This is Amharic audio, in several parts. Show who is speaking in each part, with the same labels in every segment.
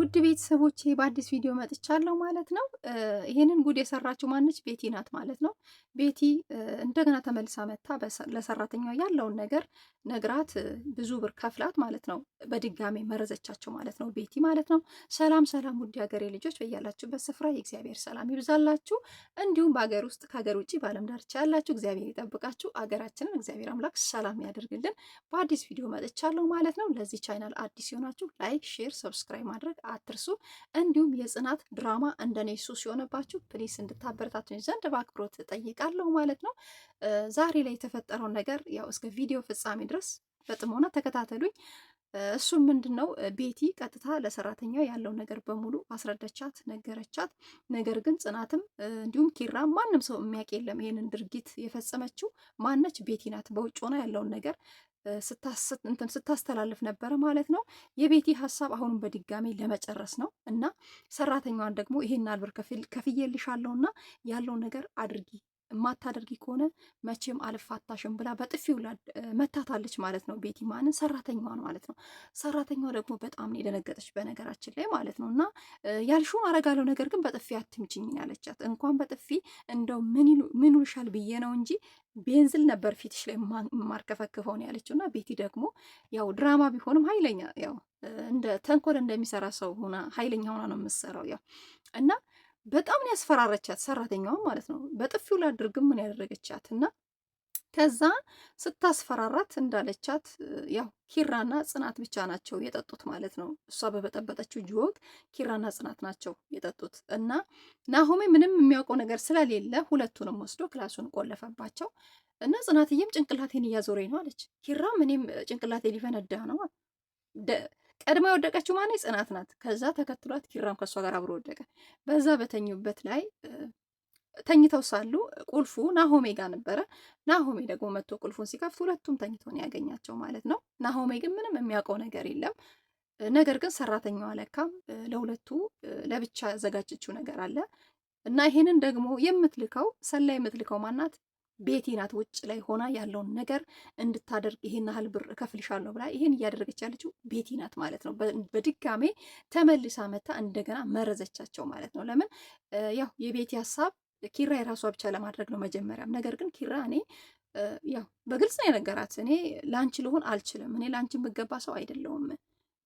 Speaker 1: ውድ ቤተሰቦቼ በአዲስ ቪዲዮ መጥቻለሁ ማለት ነው። ይህንን ጉድ የሰራችው ማነች? ቤቲ ናት ማለት ነው። ቤቲ እንደገና ተመልሳ መታ ለሰራተኛ ያለውን ነገር ነግራት ብዙ ብር ከፍላት ማለት ነው። በድጋሜ መረዘቻቸው ማለት ነው። ቤቲ ማለት ነው። ሰላም ሰላም፣ ውድ ሀገሬ ልጆች በያላችሁበት ስፍራ የእግዚአብሔር ሰላም ይብዛላችሁ። እንዲሁም በሀገር ውስጥ ከሀገር ውጭ በዓለም ዳርቻ ያላችሁ እግዚአብሔር ይጠብቃችሁ። አገራችንን እግዚአብሔር አምላክ ሰላም ያደርግልን። በአዲስ ቪዲዮ መጥቻለሁ ማለት ነው። ለዚህ ቻይናል አዲስ የሆናችሁ ላይክ፣ ሼር፣ ሰብስክራይብ ማድረግ አትርሱ። እንዲሁም የጽናት ድራማ እንደኔ ሱ የሆነባችሁ ፕሊስ እንድታበረታቱኝ ዘንድ በአክብሮት እጠይቃለሁ ማለት ነው። ዛሬ ላይ የተፈጠረውን ነገር ያው እስከ ቪዲዮ ፍጻሜ ድረስ በጥሞና ተከታተሉኝ። እሱም ምንድን ነው ቤቲ ቀጥታ ለሰራተኛ ያለው ነገር በሙሉ አስረደቻት፣ ነገረቻት። ነገር ግን ጽናትም እንዲሁም ኪራ ማንም ሰው የሚያውቅ የለም ይህንን ድርጊት የፈጸመችው ማነች? ቤቲ ናት። በውጭ ሆና ያለውን ነገር ስታስተላልፍ ነበረ ማለት ነው። የቤቲ ሀሳብ አሁንም በድጋሚ ለመጨረስ ነው እና ሰራተኛዋን ደግሞ ይሄን አልብር ከፍዬልሻለሁ እና ያለውን ነገር አድርጊ የማታደርጊ ከሆነ መቼም አልፋታሽም ብላ በጥፊው መታታለች ማለት ነው። ቤቲ ማንን ሰራተኛዋን ማለት ነው። ሰራተኛዋ ደግሞ በጣም ነው የደነገጠች በነገራችን ላይ ማለት ነው። እና ያልሽውን አረጋለው፣ ነገር ግን በጥፊ አትምችኝ ያለቻት እንኳን በጥፊ እንደው ምን ይሉሻል ብዬ ነው እንጂ ቤንዝል ነበር ፊትሽ ላይ ማርከፈክፈው ነው ያለችው። እና ቤቲ ደግሞ ያው ድራማ ቢሆንም ኃይለኛ ያው እንደ ተንኮል እንደሚሰራ ሰው ሆና ኃይለኛ ሆና ነው የምትሰራው ያው እና በጣም ነው ያስፈራረቻት፣ ሰራተኛዋን ማለት ነው። በጥፊው ላድርግ ምን ያደረገቻት እና ከዛ ስታስፈራራት እንዳለቻት ያው ኪራና ጽናት ብቻ ናቸው የጠጡት ማለት ነው። እሷ በበጠበጠችው ጅወግ ኪራና ጽናት ናቸው የጠጡት እና ናሆሜ ምንም የሚያውቀው ነገር ስለሌለ ሁለቱንም ወስዶ ክላሱን ቆለፈባቸው እና ጽናትዬም ጭንቅላቴን እያዞረኝ ነው አለች። ኪራም እኔም ጭንቅላቴ ሊፈነዳ ነው ቀድሞ የወደቀችው ማን? ጽናት ናት። ከዛ ተከትሏት ኪራም ከእሷ ጋር አብሮ ወደቀ። በዛ በተኙበት ላይ ተኝተው ሳሉ ቁልፉ ናሆሜ ጋር ነበረ። ናሆሜ ደግሞ መጥቶ ቁልፉን ሲከፍት ሁለቱም ተኝቶ ነው ያገኛቸው ማለት ነው። ናሆሜ ግን ምንም የሚያውቀው ነገር የለም። ነገር ግን ሰራተኛዋ ለካም ለሁለቱ ለብቻ ያዘጋጀችው ነገር አለ እና ይሄንን ደግሞ የምትልከው ሰላይ የምትልከው ማናት? ቤቲ ናት ውጭ ላይ ሆና ያለውን ነገር እንድታደርግ ይሄን ያህል ብር እከፍልሻለሁ ብላ ይሄን እያደረገች ያለችው ቤቲ ናት ማለት ነው። በድጋሜ ተመልሳ መታ እንደገና መረዘቻቸው ማለት ነው። ለምን ያው የቤቲ ሀሳብ ኪራ የራሷ ብቻ ለማድረግ ነው መጀመሪያም። ነገር ግን ኪራ እኔ ያው በግልጽ ነው የነገራት፣ እኔ ለአንቺ ልሆን አልችልም፣ እኔ ለአንቺ የምገባ ሰው አይደለውም።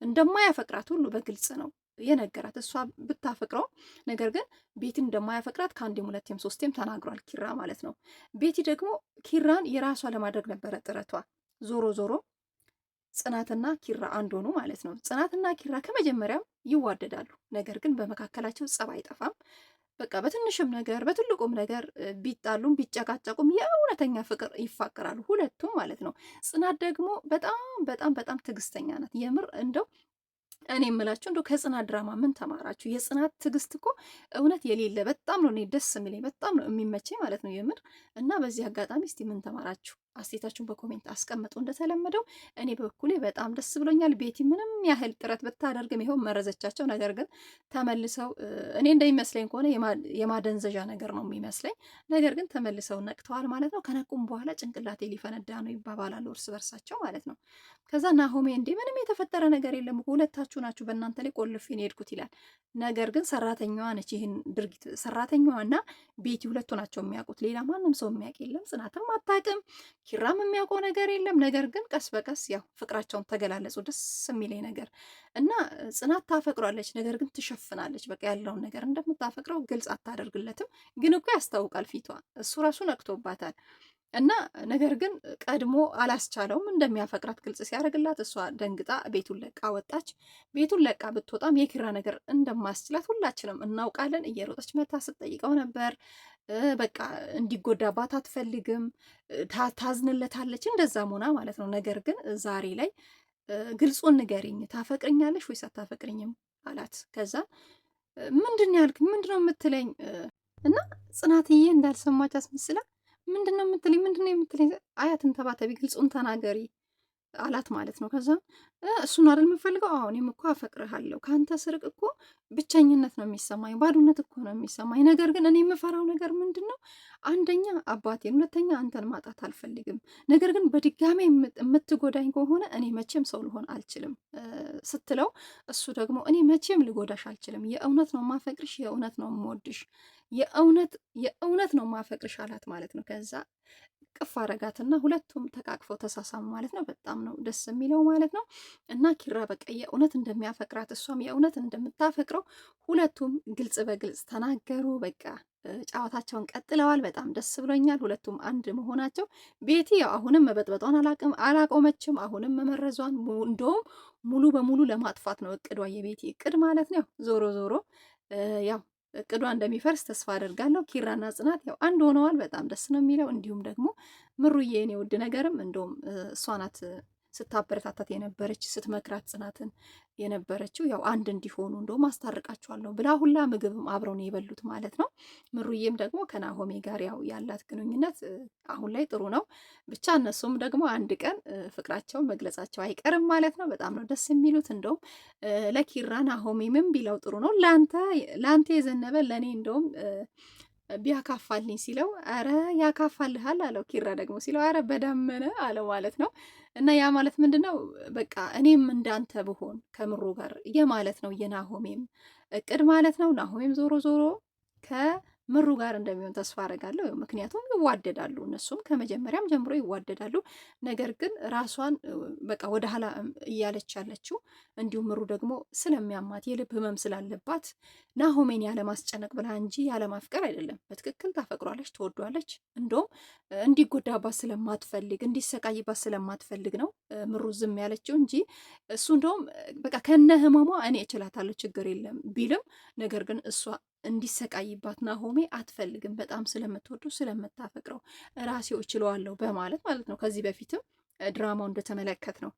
Speaker 1: እንደማያፈቅራት ሁሉ በግልጽ ነው የነገራት እሷ ብታፈቅረው ነገር ግን ቤቲን እንደማያፈቅራት ከአንዴም ሁለቴም ሶስቴም ተናግሯል፣ ኪራ ማለት ነው። ቤቲ ደግሞ ኪራን የራሷ ለማድረግ ነበረ ጥረቷ። ዞሮ ዞሮ ጽናትና ኪራ አንድ ሆኑ ማለት ነው። ጽናትና ኪራ ከመጀመሪያም ይዋደዳሉ፣ ነገር ግን በመካከላቸው ጸብ አይጠፋም። በቃ በትንሽም ነገር በትልቁም ነገር ቢጣሉም ቢጨቃጨቁም የእውነተኛ ፍቅር ይፋቀራሉ ሁለቱም ማለት ነው። ጽናት ደግሞ በጣም በጣም በጣም ትዕግስተኛ ናት። የምር እንደው እኔ የምላችሁ እንደው ከጽናት ድራማ ምን ተማራችሁ? የጽናት ትዕግስት እኮ እውነት የሌለ በጣም ነው እኔ ደስ የሚለኝ በጣም ነው የሚመቸኝ ማለት ነው የምር እና በዚህ አጋጣሚ እስቲ ምን ተማራችሁ? አስተያየታችሁን በኮሜንት አስቀምጡ። እንደተለመደው እኔ በበኩሌ በጣም ደስ ብሎኛል። ቤቲ ምንም ያህል ጥረት ብታደርግም ይኸው መረዘቻቸው። ነገር ግን ተመልሰው እኔ እንደሚመስለኝ ከሆነ የማደንዘዣ ነገር ነው የሚመስለኝ። ነገር ግን ተመልሰው ነቅተዋል ማለት ነው። ከነቁም በኋላ ጭንቅላቴ ሊፈነዳ ነው ይባባላሉ እርስ በርሳቸው ማለት ነው። ከዛ ናሆሜ እንዴ ምንም የተፈጠረ ነገር የለም ሁለታችሁ ናችሁ በእናንተ ላይ ቆልፌን የሄድኩት ይላል። ነገር ግን ሰራተኛዋ ነች ይህን ድርጊት ሰራተኛዋና ቤቲ ሁለቱ ናቸው የሚያውቁት። ሌላ ማንም ሰው የሚያውቅ የለም። ጽናትም አታውቅም ኪራም የሚያውቀው ነገር የለም። ነገር ግን ቀስ በቀስ ያው ፍቅራቸውን ተገላለጹ። ደስ የሚለኝ ነገር እና ጽናት ታፈቅሯለች፣ ነገር ግን ትሸፍናለች። በቃ ያለውን ነገር እንደምታፈቅረው ግልጽ አታደርግለትም፣ ግን እኮ ያስታውቃል ፊቷ። እሱ ራሱ ነቅቶባታል። እና ነገር ግን ቀድሞ አላስቻለውም። እንደሚያፈቅራት ግልጽ ሲያደርግላት እሷ ደንግጣ ቤቱን ለቃ ወጣች። ቤቱን ለቃ ብትወጣም የኪራ ነገር እንደማስችላት ሁላችንም እናውቃለን። እየሮጠች መታ ስትጠይቀው ነበር። በቃ እንዲጎዳባት አትፈልግም፣ ታዝንለታለች እንደዛ ሆና ማለት ነው። ነገር ግን ዛሬ ላይ ግልጹን ንገሪኝ፣ ታፈቅርኛለሽ ወይስ አታፈቅርኝም አላት። ከዛ ምንድን ያልክ ነው የምትለኝ? እና ጽናትዬ እንዳልሰማች አስመስላ ምንድነው የምትለኝ ምንድነው የምትለኝ? አያትን ተባተቢ ግልጹን ተናገሪ አላት ማለት ነው። ከዛ እሱን አይደል የምፈልገው? አሁን እኔም እኮ አፈቅርሃለሁ። ከአንተ ስርቅ እኮ ብቸኝነት ነው የሚሰማኝ፣ ባዶነት እኮ ነው የሚሰማኝ። ነገር ግን እኔ የምፈራው ነገር ምንድን ነው? አንደኛ አባቴን፣ ሁለተኛ አንተን ማጣት አልፈልግም። ነገር ግን በድጋሚ የምትጎዳኝ ከሆነ እኔ መቼም ሰው ልሆን አልችልም ስትለው፣ እሱ ደግሞ እኔ መቼም ልጎዳሽ አልችልም። የእውነት ነው ማፈቅርሽ፣ የእውነት ነው የምወድሽ፣ የእውነት የእውነት ነው ማፈቅርሽ አላት ማለት ነው። ከዛ እቅፍ አረጋትና ሁለቱም ተቃቅፈው ተሳሳሙ ማለት ነው። በጣም ነው ደስ የሚለው ማለት ነው። እና ኪራ በቃ የእውነት እንደሚያፈቅራት እሷም የእውነት እንደምታፈቅረው ሁለቱም ግልጽ በግልጽ ተናገሩ። በቃ ጨዋታቸውን ቀጥለዋል። በጣም ደስ ብሎኛል ሁለቱም አንድ መሆናቸው። ቤቲ ያው አሁንም መበጥበጧን አላቅም አላቆመችም። አሁንም መመረዟን እንደውም ሙሉ በሙሉ ለማጥፋት ነው እቅዷ፣ የቤቲ እቅድ ማለት ነው። ዞሮ ዞሮ ያው እቅዷ እንደሚፈርስ ተስፋ አደርጋለሁ። ኪራና ጽናት ያው አንድ ሆነዋል። በጣም ደስ ነው የሚለው። እንዲሁም ደግሞ ምሩዬ የኔ ውድ ነገርም እንደውም እሷ ናት ስታበረታታት የነበረች ስትመክራት ጽናትን የነበረችው ያው አንድ እንዲሆኑ እንደውም አስታርቃቸዋለሁ ብላ ሁላ ምግብም ነው የበሉት ማለት ነው። ምሩዬም ደግሞ ከናሆሜ ጋር ያው ያላት ግንኙነት አሁን ላይ ጥሩ ነው። ብቻ እነሱም ደግሞ አንድ ቀን ፍቅራቸውን መግለጻቸው አይቀርም ማለት ነው። በጣም ነው ደስ የሚሉት። እንደውም ለኪራ ናሆሜ ምን ቢለው ጥሩ ነው ለአንተ የዘነበ ለእኔ እንደውም ቢያካፋልኝ ሲለው አረ ያካፋልሃል አለው። ኪራ ደግሞ ሲለው አረ በዳመነ አለው ማለት ነው። እና ያ ማለት ምንድን ነው? በቃ እኔም እንዳንተ ብሆን ከምሩ ጋር የማለት ነው የናሆሜም እቅድ ማለት ነው። ናሆሜም ዞሮ ዞሮ ከ ምሩ ጋር እንደሚሆን ተስፋ አረጋለሁ። ምክንያቱም ይዋደዳሉ፣ እነሱም ከመጀመሪያም ጀምሮ ይዋደዳሉ። ነገር ግን ራሷን በቃ ወደ ኋላ እያለች ያለችው እንዲሁም ምሩ ደግሞ ስለሚያማት የልብ ህመም ስላለባት ናሆሜን ያለማስጨነቅ ብላ እንጂ ያለማፍቀር አይደለም። በትክክል ታፈቅሯለች፣ ትወዷለች። እንደውም እንዲጎዳባት ስለማትፈልግ እንዲሰቃይባት ስለማትፈልግ ነው ምሩ ዝም ያለችው እንጂ እሱ እንደውም በቃ ከነ ህመሟ እኔ እችላታለሁ ችግር የለም ቢልም ነገር ግን እሷ እንዲሰቃይባት ናሆሜ አትፈልግም። በጣም ስለምትወዱ ስለምታፈቅረው ራሴው እችለዋለሁ በማለት ማለት ነው። ከዚህ በፊትም ድራማው እንደተመለከት ነው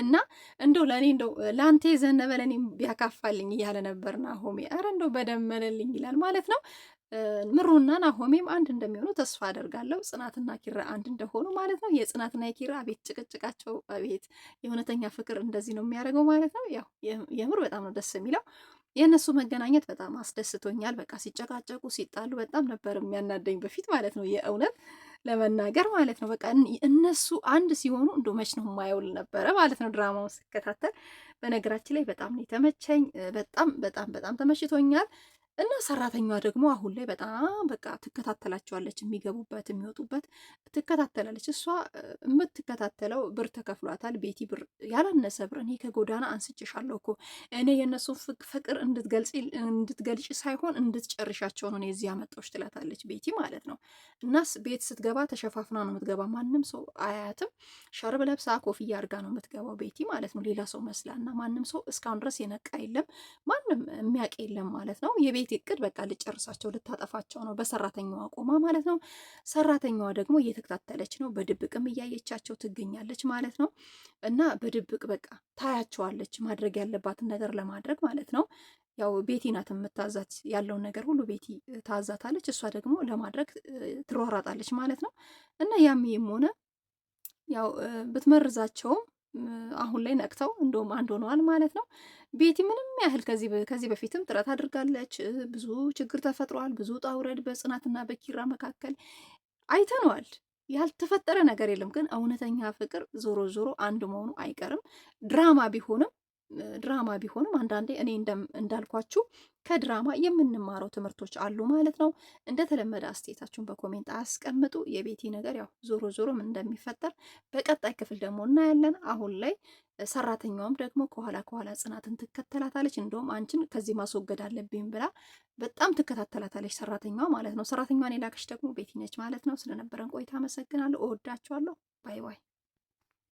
Speaker 1: እና እንደው ለእኔ እንደው ለአንተ የዘነበ ለእኔ ቢያካፋልኝ እያለ ነበር ናሆሜ። ኧረ እንደው በደመለልኝ ይላል ማለት ነው። ምሩና ናሆሜም አንድ እንደሚሆኑ ተስፋ አደርጋለሁ። ጽናትና ኪራ አንድ እንደሆኑ ማለት ነው። የጽናትና የኪራ ቤት ጭቅጭቃቸው ቤት የእውነተኛ ፍቅር እንደዚህ ነው የሚያደርገው ማለት ነው። ያው የምር በጣም ነው ደስ የሚለው። የእነሱ መገናኘት በጣም አስደስቶኛል። በቃ ሲጨቃጨቁ ሲጣሉ በጣም ነበር የሚያናደኝ በፊት ማለት ነው፣ የእውነት ለመናገር ማለት ነው። በቃ እነሱ አንድ ሲሆኑ እንዶ መች ነው የማየውል ነበረ ማለት ነው፣ ድራማውን ስከታተል። በነገራችን ላይ በጣም ነው የተመቸኝ። በጣም በጣም በጣም ተመችቶኛል። እና ሰራተኛዋ ደግሞ አሁን ላይ በጣም በቃ ትከታተላቸዋለች፣ የሚገቡበት የሚወጡበት ትከታተላለች። እሷ የምትከታተለው ብር ተከፍሏታል። ቤቲ ብር ያላነሰ ብር እኔ ከጎዳና አንስጭሻለሁ እኮ እኔ የእነሱን ፍቅር እንድትገልጭ ሳይሆን እንድትጨርሻቸው ነው እኔ እዚህ ያመጣሁሽ ትላታለች፣ ቤቲ ማለት ነው። እናስ ቤት ስትገባ ተሸፋፍና ነው የምትገባ፣ ማንም ሰው አያትም። ሸርብ ለብሳ ኮፍያ አድርጋ ነው የምትገባው ቤቲ ማለት ነው፣ ሌላ ሰው መስላ እና ማንም ሰው እስካሁን ድረስ የነቃ የለም፣ ማንም የሚያውቅ የለም ማለት ነው የቤት የትምህርት እቅድ በቃ ልጨርሳቸው ልታጠፋቸው ነው፣ በሰራተኛዋ ቆማ ማለት ነው። ሰራተኛዋ ደግሞ እየተከታተለች ነው፣ በድብቅም እያየቻቸው ትገኛለች ማለት ነው። እና በድብቅ በቃ ታያቸዋለች፣ ማድረግ ያለባትን ነገር ለማድረግ ማለት ነው። ያው ቤቲ ናት የምታዛት ያለውን ነገር ሁሉ ቤቲ ታዛታለች፣ እሷ ደግሞ ለማድረግ ትሯራጣለች ማለት ነው። እና ያም ይህም ሆነ ያው ብትመርዛቸውም አሁን ላይ ነቅተው እንደውም አንድ ሆነዋል ማለት ነው። ቤቲ ምንም ያህል ከዚህ በፊትም ጥረት አድርጋለች። ብዙ ችግር ተፈጥሯል። ብዙ ጣውረድ በጽናትና በኪራ መካከል አይተነዋል። ያልተፈጠረ ነገር የለም። ግን እውነተኛ ፍቅር ዞሮ ዞሮ አንድ መሆኑ አይቀርም። ድራማ ቢሆንም ድራማ ቢሆንም አንዳንዴ እኔ እንዳልኳችሁ ከድራማ የምንማረው ትምህርቶች አሉ ማለት ነው። እንደተለመደ አስተያየታችሁን በኮሜንት አስቀምጡ። የቤቲ ነገር ያው ዞሮ ምን እንደሚፈጠር በቀጣይ ክፍል ደግሞ እናያለን። አሁን ላይ ሰራተኛዋም ደግሞ ከኋላ ከኋላ ጽናትን ትከተላታለች። እንደውም አንቺን ከዚህ ማስወገድ አለብኝ ብላ በጣም ትከታተላታለች ሰራተኛዋ ማለት ነው። ሰራተኛዋን የላከች ደግሞ ቤቲ ነች ማለት ነው። ስለነበረን ቆይታ አመሰግናለሁ። እወዳችኋለሁ። ባይ ባይ